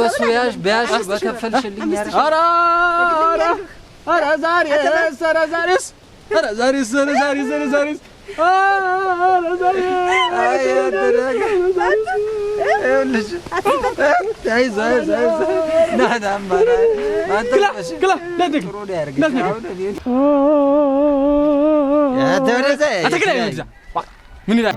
በሱ ያሽ በያሽ በከፈልሽልኝ ኧረ ኧረ ዛሬስ ኧረ ዛሬስ ኧረ ዛሬስ ኧረ ዛሬስ ኧረ ዛሬስ ምን ይላል?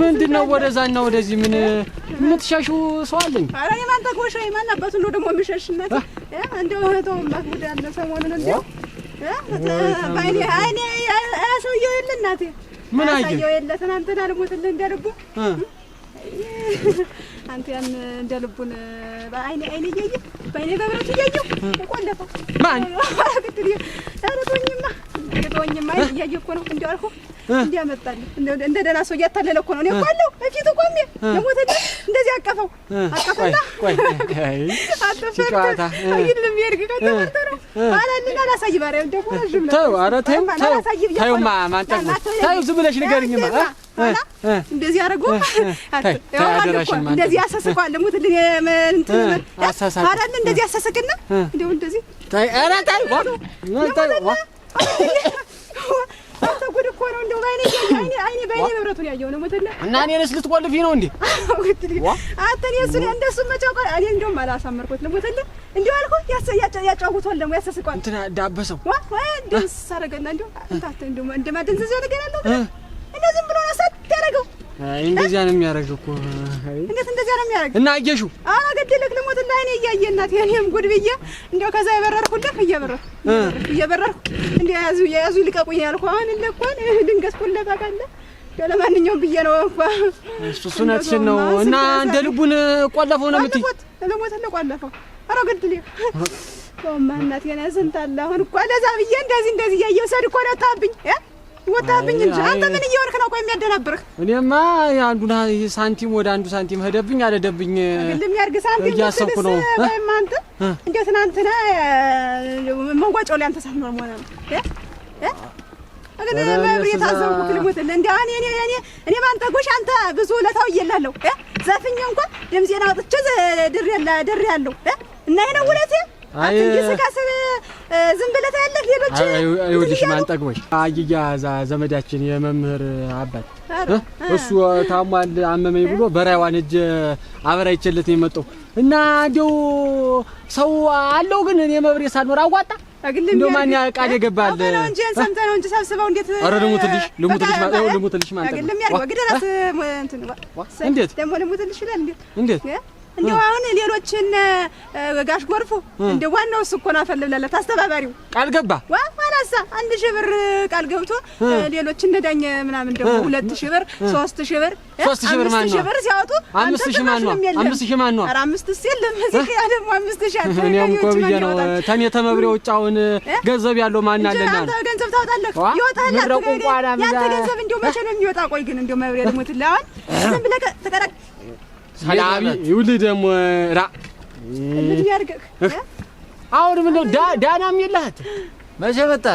ምንድን ነው ወደዛና ወደዚህ ምን የምትሻሹ ሰው አለ እንዴ? ኧረ የማን ተኮሻ የማን አባቱ ነው ደግሞ የሚሸሽነት? እንደው እህተው ማጉዳ ያለ ሰሞኑን እንደው ባይኔ አይኔ ሰውየው የለ እናቴ ምን አየ የለ ትናንትና ልሞትልህ እንደልቡ አንተ ያን እንደልቡን በአይኔ አይኔ እያየሁ በአይኔ በብረት እያየሁ ቆለፈው ማን አረ ግድ ኧረ ተወኝማ ተወኝማ እያየ እኮ ነው እንዲያው አልኩህ። እንዲያ መጣልህ እንደ ደህና ሰው እያታለለ እኮ ነው። እኔ እኮ አለሁ ቆሜ የሞተ እንደዚህ አቀፈው አቀፈና አጠፈርተ ይልም የርግ ከተመርተ ነው አላልን አላሳይ ባሪያ ደግሞ ረዥም ነው። ተው እንደዚህ አደረጉ። እንደዚህ ያሰስቀዋል። ሙትልኝ አላልን እንደዚህ አንተ ጉድ እኮ ነው። እንደው ባይኔ አይኔ አይኔ ባይኔ መብረቱን ያየው ነው ሞተላ እና እኔንስ ልትቆልፊ ነው እንዴ? አንተ እኔ እሱን እንደሱ መጫወቅ እኔ እንደውም አላሳመርኩት ነው ሞተላ እንደው አልኩ ያጫውቷል ደግሞ ያሰስቋል። እንትና ዳበሰው ዋ ዋ እንደው ሳረገና እንደው እንታተ እንደው እንደማደንዘዝ ነገር አለው እንደው ዝም እንደዚያ ነው የሚያደርግ እኮ እንዴት እንደዚያ ነው የሚያደርግ? እና አየሹ? አላ አገደለክ ልሞት ላይ እኔ እያየ እናት የኔም ጉድ ብዬ እንዲያው ከዛ የበረርኩልህ እየበረርኩ እየበረርኩ እንዲያው ያዙ የያዙ ልቀቁኝ ያልኩ አሁን ለኳን ድንገት ኩል ታውቃለህ። ለማንኛውም ብዬ ነው እንኳ እሱ እውነትሽን ነው። እና እንደ ልቡን ቆለፈው ነው የምትይ? ልሞት ቆለፈው። አረ ግድል ማ እናቴን ስንት አለ አሁን እኮ ለዛ ብዬ እንደዚህ እንደዚህ እያየሁ ሰድ እኮ ነው ታብኝ ወጣብኝ እንጂ አንተ ምን እየወርክ ነው? ቆይ የሚያደናብርህ? እኔማ አንዱን ሳንቲም ወደ አንዱ ሳንቲም ሄደብኝ አልሄደብኝ ለሚያርግ ሳንቲም እያሰብኩ ነው። ወይም አንተ እንዴት ትናንትና መንጓጫው ላይ አንተ ሳትኖር መሆነ ግን መብሬ የታዘብኩ ልሙትልህ እንዲ እኔ እኔ እኔ እኔ በአንተ ጎሽ አንተ ብዙ ለታው እየላለሁ ዘፍኜ እንኳን ድምፄን አውጥቼ ድሬ ያለሁ እና ይህ ውለቴ ዝም ብለህ ታያለህ። ሌሎች ይኸውልሽ፣ ማን ጠቅሞሽ ዘመዳችን የመምህር አባት እሱ ታሟል አመመኝ ብሎ በራይዋን እጅ አበራይቼለት ነው የመጣው እና እንዲያው ሰው አለው ግን እኔ መብሬ ሳልኖር አዋጣ እንደ ማን ቃል የገባል እንጂ ሰምተህ ነው እንጂ ሰብስበው እንዴት ኧረ ልሙትልሽ ልሙትልሽ ልሙትልሽ ማለት ነው እንዴት ደግሞ ልሙትልሽ ይላል እንዴት እንደው አሁን ሌሎችን ጋሽ ጎርፉ እንደ ዋናው እሱ እኮ ነው አፈል አስተባባሪው ቃል ገባ ዋ ዋላሳ አንድ ሺህ ብር ቃል ገብቶ ሌሎች እነ ዳኘ ምናምን ደግሞ ሁለት ሺህ ብር ሶስት ሺህ ብር ሶስት ሺህ ብር ማን ነው ብር ሲያወጡ አምስት ሺህ ማን ነው አምስት ሺህ ማን ነው ኧረ አምስት የለም እዚህ ያ ደግሞ አምስት ሺህ አለ እኔም እኮ ብዬ ነው ተኔ ተመብሬ ውጭ አሁን ገንዘብ ያለው ማን አለና አንተ ገንዘብ ታወጣለህ ይወጣል ያንተ ገንዘብ እንደው መቼ ነው የሚወጣ ቆይ ግን እንደው መብሬ ልሞትልህ አሁን ዝም ብለህ ተቀረቅ ሰላም ይውልህ። ደግሞ ራ አሁን ምን ነው ዳናም የለህት መቼ መጣ?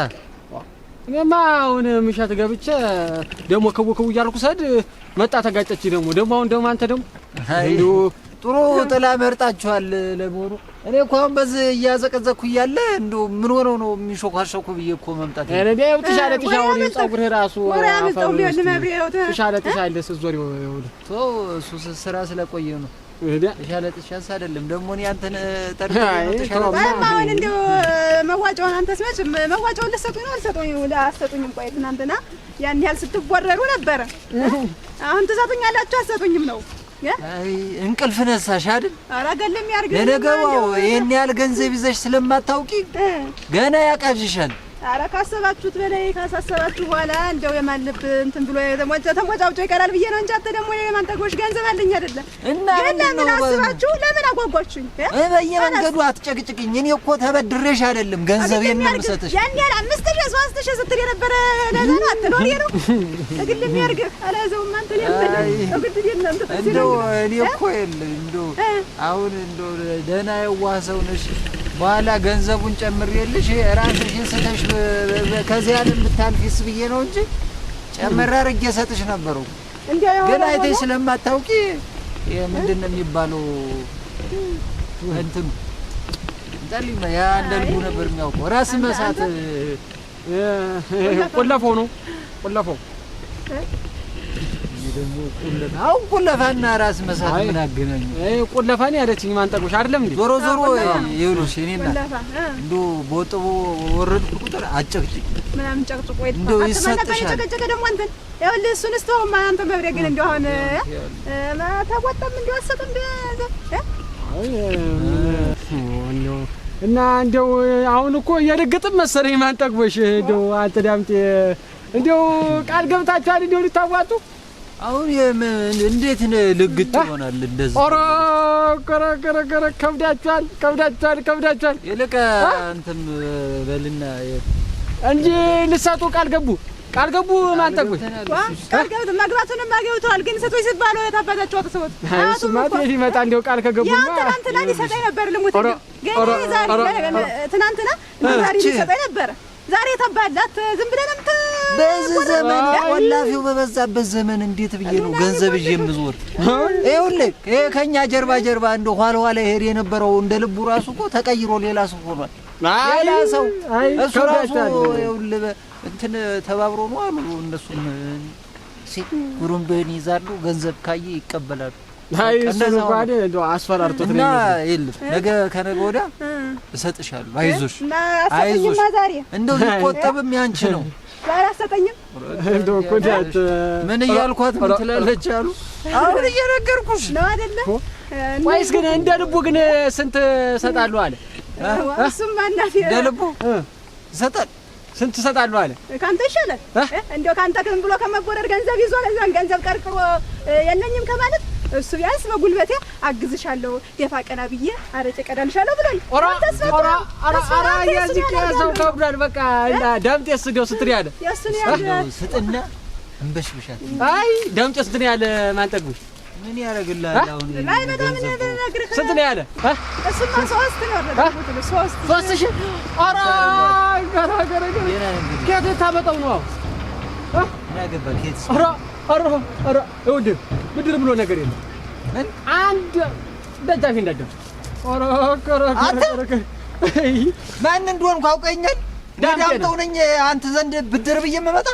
እኔማ አሁን ምሻት ገብቼ ደግሞ እያልኩ ሰድ መጣ ተጋጨች። ደግሞ ደግሞ አሁን ደግሞ አንተ ደግሞ ጥሩ ጥላ መርጣችኋል። ለመሆኑ እኔ እኮ አሁን በዚህ እያዘቀዘኩ እያለ እንዶ ምን ሆነው ነው የሚሾኳሸኩ ብዬ እኮ መምጣት ጥሻለ ጥሻ ጸጉርህ ራሱ ጥሻለ ጥሻ አለ ስትዞር እሱ ስራ ስለቆየ ነው። ጥሻለ ጥሻስ አይደለም ደግሞ እኔ አንተን ጠርሁን እንደው መዋጫውን አንተስ መች መዋጫውን ልትሰጡኝ ነው? አልሰጡኝ አልሰጡኝም። ቆይ ትናንትና ያን ያህል ስትወረሩ ነበረ። አሁን ትሰጡኝ አላችሁ አትሰጡኝም ነው እንቅልፍ ነሳሽ አይደል? አራገለም ያርገ ለነገባው ይሄን ያህል ገንዘብ ይዘሽ ስለማታውቂ ገና ያቃዥሻል። ኧረ ካሰባችሁት በላይ ካሳሰባችሁ በኋላ እንደው የማን ልብ እንትን ብሎ ተሞጫውጮ ይቀራል ብዬ ነው እንጂ አንተ ደግሞ የማን ጠግቦሽ ገንዘብ አለኝ አይደለም። እና ለምን አስባችሁ ለምን አጓጓችሁኝ? በየመንገዱ አትጨቅጭቅኝ። እኔ እኮ ተበድሬሽ አይደለም ገንዘብ የምንሰጥሽ። ያን ያህል አምስት ሺህ ሶስት ሺህ ስትል የነበረ ለዛና አትኖር ነው እግል የሚያርግህ አላዘውም አንተ እንደው እኔ እኮ የለ እንደው አሁን እንደው ደህና የዋህ ሰው ነሽ በኋላ ገንዘቡን ጨምሬልሽ ራስሽን ስተሽ ከዚህ ዓለም ብታልፊስ ብዬ ነው እንጂ ጨምሬ አድርጌ እሰጥሽ ነበሩ። ግን አይተሽ ስለማታውቂ ምንድን ነው የሚባለው? እንትኑ ጠሊ ያ እንደልቡ ነበር የሚያውቀው። ራስ መሳት ቆለፎ ነው ቆለፎ አሁን ቁለፋና ራስ መሳት ምን አገናኙ? ቁለፋ ነው ያለችኝ ማንጠቆሽ አይደለም እንዴ? ዞሮ ዞሮ ይኸውልሽ፣ እኔና እንደው በወጥቦ ወረድኩ ቁጥር አጨቅጭቅ ምናምን ጨቅጭቆ እንደው ይሰጥሻል። ጨቀጨቀ ደግሞ አንተን ይኸውልህ፣ እሱን ስተውማ አንተ መብሪያ ግን እንደው አሁን ተቆጠም እንደው አሰጥም እንደው እና እንደው አሁን እኮ እየደገጥም መሰለኝ ማንጠቆሽ እንደው አንተ ዳምጤ እንዲያው ቃል ገብታችኋል እንዲያው ልታዋጡ አሁን እንዴት ልግጥ ይሆናል? እንደዚህ ኧረ ኧረ ኧረ ኧረ ከብዳችኋል፣ ከብዳችኋል፣ ከብዳችኋል። ይልቅ አንተም በልና እንጂ ልሰጡ ቃል ገቡ፣ ቃል ገቡ። ማን ጠቁኝ? ቃል ገብት መግባቱንም አገብተዋል። ግን ሰቶች ስትባሉ የታባታቸው አቅሰቦት እሱማ ሊመጣ እንዲያው ቃል ከገቡ ትናንትና ሊሰጠኝ ነበር ልሙት፣ ግን ትናንትና ዛሬ ሊሰጠኝ ነበር ዛሬ ተባላት ዝም ብለን ምት በዚህ ዘመን ወላፊው በበዛበት ዘመን እንዴት ብዬ ነው ገንዘብ ይዤ የምዞር? ይኸውልህ ይሄ ከእኛ ጀርባ ጀርባ እንደ ኋላ ኋላ ይሄድ የነበረው እንደ ልቡ ራሱ እኮ ተቀይሮ ሌላ ሰው ሆኗል። ሌላ ሰው እሱ ራሱ ይኸውልህ እንትን ተባብሮ ነው አሉ እነሱም ጉሩምብህን ይዛሉ፣ ገንዘብ ካየ ይቀበላሉ። አይ እሱን እንኳን አስፈራርቶት ነው የለም። ነገ ከነገ ወዲያ እሰጥሻለሁ። አይዞሽ አይዞሽ። እንደው ሊቆጠብም ያንቺ ነው። ዛሬ አሰጠኝም ምን እያልኳት ምን ትላለች አሉ። አሁን እየነገርኩሽ ነው አይደለ? ወይስ ግን እንደ ልቡ ግን ስንት እሰጣለሁ አለ። እሱማ እናቴ እንደ ልቡ እሰጣለሁ ስንት አለ። ይሻላል ብሎ ከመጎረር ገንዘብ ይዞ ለዛን ገንዘብ ቀርቅሮ የለኝም ከማለት እሱ ቢያንስ በጉልበቴ አግዝሻለሁ ደፋ ቀና ብዬ አረጨ ቀዳልሻለሁ ብሏል። ኧረ ያዚ ከያዘው ከብዷል። በቃ ዳምጤ ስገው ስትል ያለ ስጥና እንበሽብሻት። አይ ዳምጤ ስትን ያለ ማንጠግብሽ ምን ያደርግልሃል? አሁን ስንት ነው ያለ? እሱማ ሦስት ነው ያደረገው። ሺህ ከየት ታመጣው ነው? አሁን ኧረ ኧረ ይኸውልህ ምድር ብሎ ነገር የለም። ምን አንድ ደጃፊ እንዳደም ማን እንደሆን አውቀኛል። ዳምጠው ነኝ አንተ ዘንድ ብድር ብዬ የምመጣ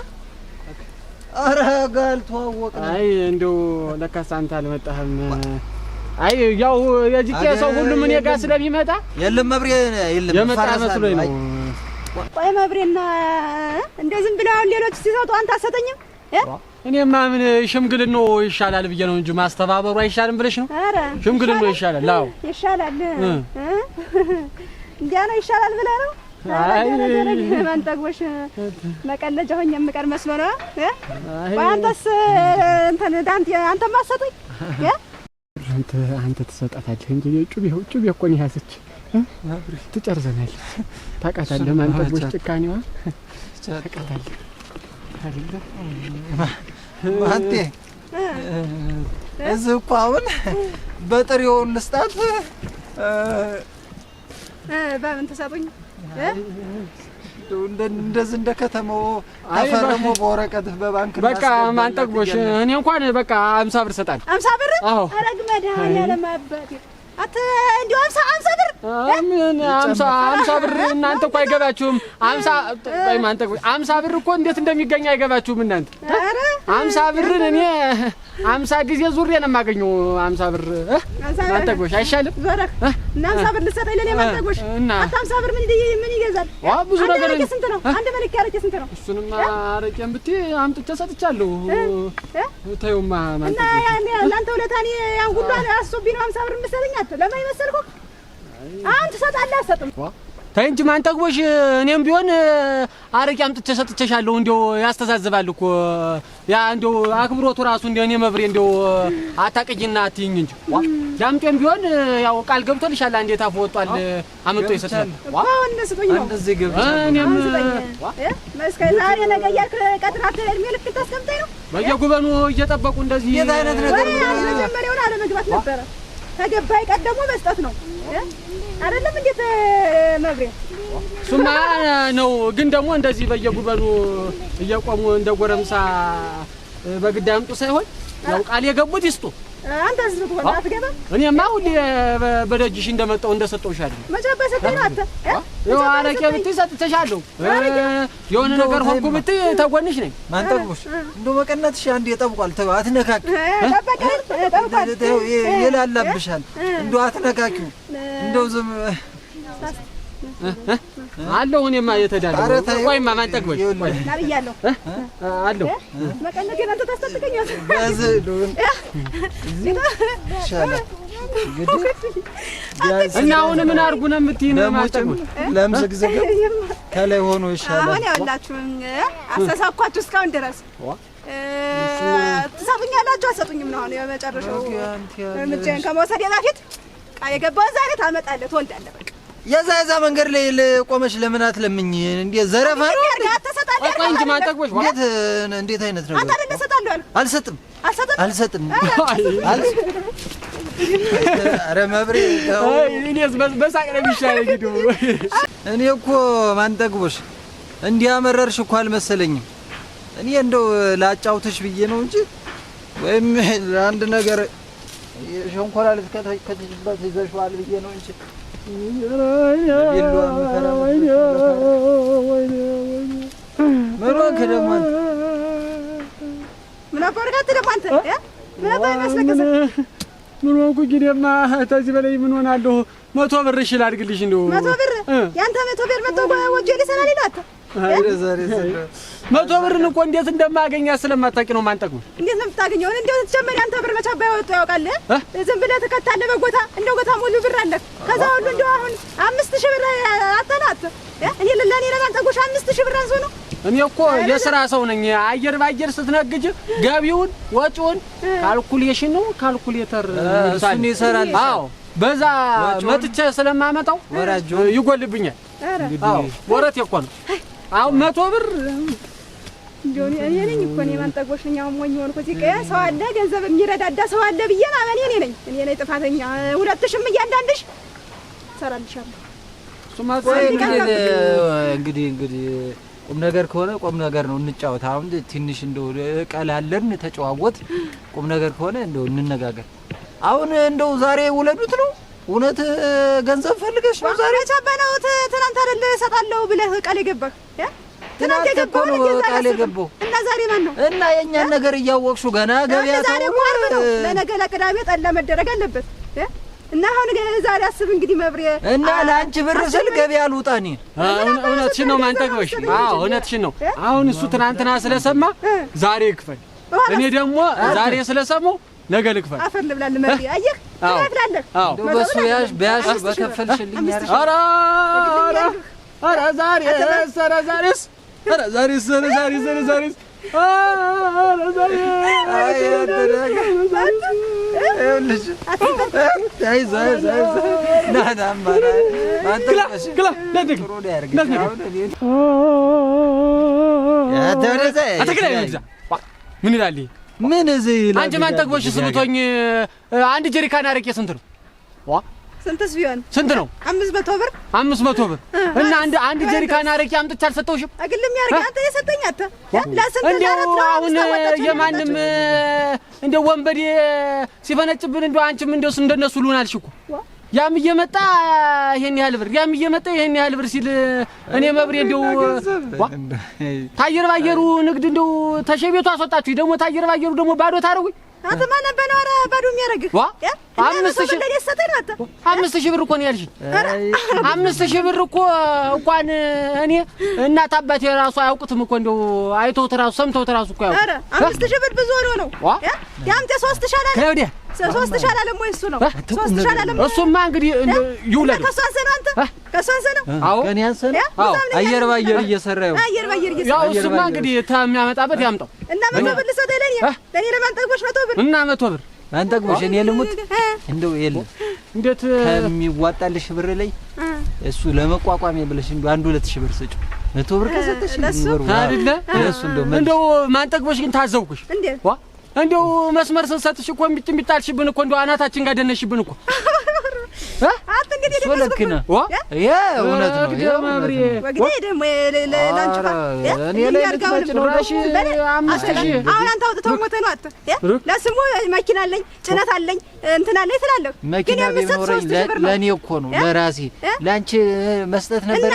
ጋል አልተዋወቅንም። አይ እንደው ለካስ አንተ አልመጣህም። አይ ያው የጅቄ ሰው ሁሉም እኔ ጋር ስለሚመጣ የለም መብሬ የለም የመጣ መስሎኝ ነው። ቆይ መብሬና እንደው ዝም ብለው አሁን ሌሎች ሲሰጡ አንተ አትሰጠኝም? እኔማ ምን ሽምግልናው ይሻላል ብዬ ነው እንጂ ማስተባበሩ አይሻልም ብለሽ ነው? ኧረ ሽምግልናው ይሻላል። አዎ ይሻላል። እንዲያ ነው ይሻላል ብለህ ነው? አይ ማንጠግቦሽ መቀለጃ ሆኜ የምቀር መስሎ ነው። አንተስ እንትን አንተ አትሰጡኝ አንተ አንተ ትሰጣታለህ እንጂ ጩቤ ጩቤ እኮ ነው የያዘች። ትጨርሰናለች። ታውቃታለህ ማንጠግቦሽ ጭካኔዋ ታውቃታለህ። ማቴ እዚህ እኮ አሁን በጥሬውን ልስጣት። በምን ተሰጡኝ? እንደዚህ እንደ ከተማው ተፈርሞ በወረቀትህ በባንክ በቃ ማንጠቅቦሽ። እኔ እንኳን በቃ አምሳ ብር እሰጣለሁ። አምሳ ብር አረግ መድኃኒዓለም አባቴ እንዲሁ አምሳ አምሳ ብር ምን አምሳ አምሳ ብር እናንተ እኮ አይገባችሁም። አምሳ አምሳ ብር እኮ እንዴት እንደሚገኝ አይገባችሁም እናንተ አምሳ ብርን እኔ አምሳ ጊዜ ዙሬ ነው የማገኘው። አምሳ ብር ማጠጎሽ አይሻልም? እና አምሳ ብር ልሰጠኝ ለእኔ ማጠጎሽ? እና አምሳ ብር ምን ምን ይገዛል? ብዙ ነገር ስንት ነው። አንድ መለኪያ አረቄ ስንት ነው? እሱንማ አረቄን ብትይ አምጥቼ ሰጥቻለሁ። ተይውማ እና ለአንተ ሁለታ እኔ ያን ሁሉ አስሶብኝ ነው አምሳ ብር የምትሰጠኝ? ለማይመሰል እኮ አሁን ትሰጣለህ አትሰጥም? ተይ እንጂ ማን ጠግቦሽ። እኔም ቢሆን አረቄ አምጥቼ ሰጥቼሻለሁ። እንደው ያስተዛዝባል እኮ ያ እንደው አክብሮቱ ራሱ እንደው እኔ መብሬ እንደው አታቀጂና አትይኝ እንጂ ዳምጤም ቢሆን ያው ቃል ገብቶልሻል። አንዴ ታፍ ወጧል ይሰጣል። ዋው እንደስቶኝ ነው እንደዚህ ገብቶ እኔም መስከ ዛሬ ነገ እያልክ ቀጥራት እድሜ ልክ ልታስቀምጠኝ ነው። በየጉበኑ እየጠበቁ እንደዚህ የት አይነት ነገር መጀመሪያውን አለመግባት ነበረ። ከገባይ ቀደሞ መስጠት ነው አይደለም እንዴት ሱማ ነው። ግን ደግሞ እንደዚህ በየጉበኑ እየቆሙ እንደ ጎረምሳ በግድ አምጡ ሳይሆን ያው ቃል የገቡት ይስጡ። አንተ ዝም ብለህ አትገባ። እኔማ ሁሌ በደጅሽ እንደመጣሁ እንደሰጠሁሻለሁ። አረቄ ብትይ ሰጥቼሻለሁ። የሆነ ነገር ሆንኩ ብትይ ተጎንሽ ነኝ። ማን ጠብቁሽ? እንደው መቀነትሽ አንዴ ጠብቋል። ተው አትነካኪው፣ ይላላብሻል። እንደው አትነካኪው፣ እንደው ዝም አለሁ እኔማ የተዳለሁ። ቆይማ ማንጠግቦሽ ናብያለሁ አለሁ እና አሁን ምን አድርጉ ነው የምትይኝ? ለምዝግዝግ ከላይ ሆኖ ይሻላል። አሁን ያውላችሁ አሳሳኳችሁ እስካሁን ድረስ ትሰጡኛላችሁ አትሰጡኝም ነው አሁን የመጨረሻው እርምጃዬን ከመውሰድ በፊት የገባውን ዛሬ ታመጣለህ ትወልዳለህ በቃ የዛ የዛ መንገድ ላይ ቆመች ለምን አትለምኝ? እንዴ ዘረፋ ነው እንዴ? እንዴት አይነት ነው? አልሰጥም አልሰጥም አልሰጥም እኔ እኮ ማንጠግቦሽ እንዲያመረርሽ እኮ አልመሰለኝም። እኔ እንደው ላጫውትሽ ብዬ ነው እንጂ ወይም ለአንድ ነገር ሸንኮራ ልትከተችበት ይዘሽዋል ብዬ ነው እንጂ ምን ምን ሆንኩ? በላይ ምን ሆናለሁ? መቶ ብር እሺ ላድርግልሽ እንደው መቶ ብር ያንተ መቶ ብር መቶ ወጆ ሊሰራ ሌላ አታ መቶ ብርን እኮ እንዴት እንደማገኛት ስለማታውቂ ነው። ማንጠቅመው እንዴት ነው የምታገኘው? አንተ ብር መቻ ባይወጡ ያውቃል። ዝም ብለህ በጎታ እንደው ጎታ ሙሉ ብር አለ። ከዛ ሁሉ እንደው አሁን አምስት ሺህ ብር እኔ ለእኔ አምስት ሺህ ብር አንሶ ነው። እኔ እኮ የስራ ሰው ነኝ። አየር ባየር ስትነግጅ ገቢውን ወጪውን ካልኩሌሽን ነው ካልኩሌተር እሱን ይሰራል። አዎ በዛ መጥቼ ስለማመጣው ይጎልብኛል። ወረት እኮ ነው አሁን መቶ ብር እንደው እኔ ነኝ እኮ እኔ ማን ጠግቦሽ ሞኝ ሆንኩ። እዚህ ቀያ ሰው አለ ገንዘብ የሚረዳዳ ሰው አለ ብዬ ማመን እኔ ነኝ እኔ ነኝ ጥፋተኛ። ሁለትሽም እያንዳንድሽ እሰራልሻለሁ። እሱማ እንግዲህ እንግዲህ ቁም ነገር ከሆነ ቁም ነገር ነው እንጫወት። አሁን ትንሽ እንደው ቀላለን ተጨዋወት። ቁም ነገር ከሆነ እንደው እንነጋገር። አሁን እንደው ዛሬ ውለዱት ነው እውነት ገንዘብ ፈልገሽ ነው ዛሬ? ቻባናው ትናንት አይደለ እሰጣለሁ ብለህ ቃል የገባህ? ትናንት የገባው ቃል የገባው። እና ዛሬ ማን ነው? እና የእኛን ነገር እያወቅሹ ገና ገበያ ዛሬ ቁርብ ነው። ለነገ ለቅዳሜ ጠላ መደረግ አለበት። እና አሁን ዛሬ አስብ እንግዲህ መብሬ እና ለአንቺ ብር ስል ገበያ ልውጣ እኔ። እውነትሽን ነው ማንጠቅበሽ። አዎ እውነትሽን ነው። አሁን እሱ ትናንትና ስለሰማ ዛሬ ይክፈል፣ እኔ ደግሞ ዛሬ ስለሰማሁ ነገ ልክፈል። አፈር ልብላል መብሬ አየህ በሱያሽ ቢያሽ በከፈልሽልኝ ኧረ ኧረ ዛሬስ ኧረ ዛሬስ ኧረ ዛሬስ ኧረ ዛሬስ ኧረ ዛሬስ ምን ይላል? ምን እዚህ ይላል። አንቺ ማን ጠግቦሽ ስምቶኝ አንድ ጀሪካን አረቄ ስንት ነው? ዋ ስንትስ ቢሆን ስንት ነው? አምስት መቶ ብር አምስት መቶ ብር እና አንድ አንድ ጀሪካን አረቄ አምጥቼ አልሰጠውሽም። አግልም ያርጋ አንተ የሰጠኝ አተ ለስንት ለአራት ነው። አሁን የማንም እንደው ወንበዴ ሲፈነጭብን እንደው አንቺም እንደው እንደነሱ ልሆን አልሽ እኮ ያም እየመጣ ይሄን ያህል ብር ያም እየመጣ ይሄን ያህል ብር ሲል እኔ መብሬ እንደው ታየር ባየሩ ንግድ እንደው ተሸቤቱ አስወጣችሁ ደግሞ ታየር ባየሩ ደግሞ ባዶ ታረጉኝ። አንተ ማን ነበር ነው ኧረ ባዶ የሚያደርግህ? አምስት ሺህ ብር ነው አምስት ሺህ ብር እኮ ነው ያልሽኝ። አምስት ሺህ ብር እኮ እንኳን እኔ እናት አባቴ ራሱ አያውቁትም እኮ እንደው አይተውት ራሱ ሰምተውት ራሱ እኮ ያው አምስት ሺህ ብር ብዙ ሆኖ ነው ዋ ያምጤ ሶስት ሻላል ከወዲያ ሶስት ሺህ አላለም ወይ? እሱ ነው ሶስት ሺህ አላለም። እሱማ እንግዲህ ይውለድ ከእሱ አንሰህ ነው አንተ ከእሱ አንሰህ ነው። አዎ ከእኔ አንሰህ ነው። አዎ አየር በአየር እየሰራ አየር በአየር እየሰራ ያው እሱማ እንግዲህ የሚያመጣበት ያምጣው እና መቶ ብር ልትሰጠኝ ለእኔ ለእኔ ለማን መቶ ብር እና መቶ ብር ማን እኔ ልሙት እንደው የለም እንዴት ከሚዋጣልሽ ብር ላይ እሱ ለመቋቋም ብለሽ እንደው አንድ ሁለት ሺህ ብር ስጭው መቶ ብር ከሰጠሽ አይደለ እንደው ማን ጠግቦሽ ግን ታዘውኩሽ እንዴ እንዲያው መስመር ስንሰጥሽ እኮ እምቢ እምቢ ጣልሽብን እኮ እንዲያው አናታችን ጋር ደነሽብን እኮ ለስሙ መኪና አለኝ፣ ጭነት አለኝ፣ እንትን አለኝ ትላለህ። መኪና ቢኖረኝ ለእኔ እኮ ነው ለራሴ። ለአንቺ መስጠት ነበረ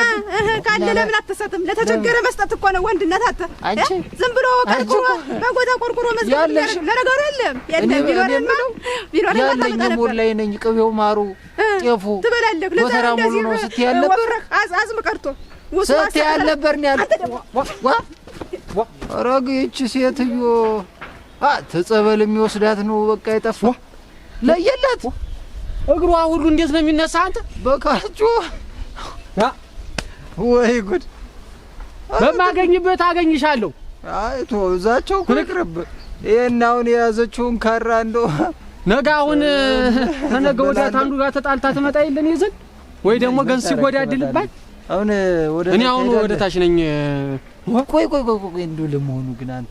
ካለ ለምን አትሰጥም? ለተቸገረ መስጠት እኮ ነው ወንድነት። አተ ዝም ብሎ ቆርቁሮ በጎታ ቆርቁሮ መስጠት ለነገሩ የለም። የለም ቢኖረን ቢኖረን ላይ ነኝ ቅቤው ማሩ ጤፉ ትበላለህ። ጎተራ ሙሉ ነው ስት አልነበር? አዝም ቀርቶ ስት ያለበር ነው ያለ ረግ ይህች ሴትዮ ተጸበል የሚወስዳት ነው በቃ የጠፋ ለየላት። እግሯ ሁሉ እንዴት ነው የሚነሳ? አንተ በቃጩ ወይ ጉድ! በማገኝበት አገኝሻለሁ። አይቶ እዛቸው እኮ ይቅርብ። አሁን የያዘችውን ካራ እንደው ነገ አሁን ከነገ ወዲያ ታንዱ ጋር ተጣልታ ትመጣ የለን ይዘን ወይ ደግሞ ገንዝ ሲጎዳድልባት አሁን ወደ እኔ አሁን ወደ ታች ነኝ። ቆይ ቆይ ቆይ ቆይ እንዱ ለመሆኑ ግን አንተ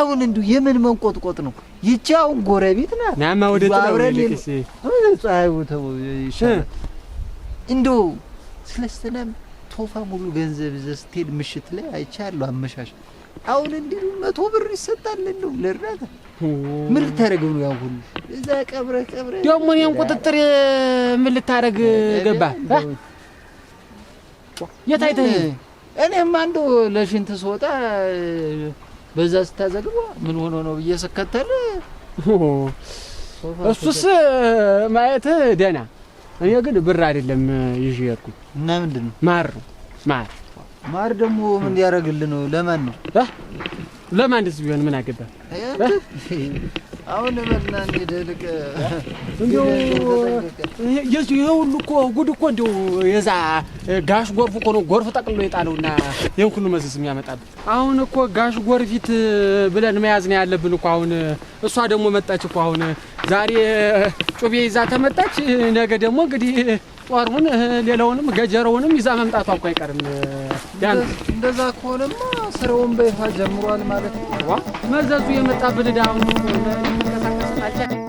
አሁን እንዱ የምን መንቆጥቆጥ ነው? ይቺ አሁን ጎረቤት ናት። ናማ ወደ አሁን ጻይው ተው ይሻላል። እንዱ ስለስተናም ቶፋ ሙሉ ገንዘብ ይዘህ ምሽት ላይ አይቻለሁ አመሻሽ አሁን እንዲሁ መቶ ብር ይሰጣል እንደው ለእርዳታ ምን ልታደርገው ነው? ያሁን እዛ ቀብረ ቀብረ ደግሞ እኔን ቁጥጥር ምን ልታደርግ ገባ? የት አይተህ? እኔማ እንደው ለሽንት ስወጣ በዛ ስታዘግቧ ምን ሆኖ ነው ብዬ ስከተል እሱስ ማየት ደህና። እኔ ግን ብር አይደለም ይዤ የሄድኩት እና ምንድን ነው ማር ማር ማር ደግሞ ምን ያደርግልን ነው? ለማን ነው ለማን? እንደዚህ ቢሆን ምን አገባ? አሁን በልና እንደልቅ እንደው ይሄ ሁሉ እኮ ጉድ እኮ እንደው የዛ ጋሽ ጎርፍ እኮ ነው ጎርፍ ጠቅሎ የጣለውና ይሄን ሁሉ መዘዝ የሚያመጣብን። አሁን እኮ ጋሽ ጎርፊት ብለን መያዝ ነው ያለብን እኮ። አሁን እሷ ደግሞ መጣች እኮ። አሁን ዛሬ ጩቤ ይዛ ተመጣች፣ ነገ ደግሞ እንግዲህ ጦሩን ሌላውንም ገጀረውንም ይዛ መምጣቷ እኮ አይቀርም። ቢያንስ እንደዛ ከሆነማ ስራውን በይፋ ጀምሯል ማለት ነው። መዘዙ የመጣ የመጣብን ዳሁኑ እንቀሳቀስ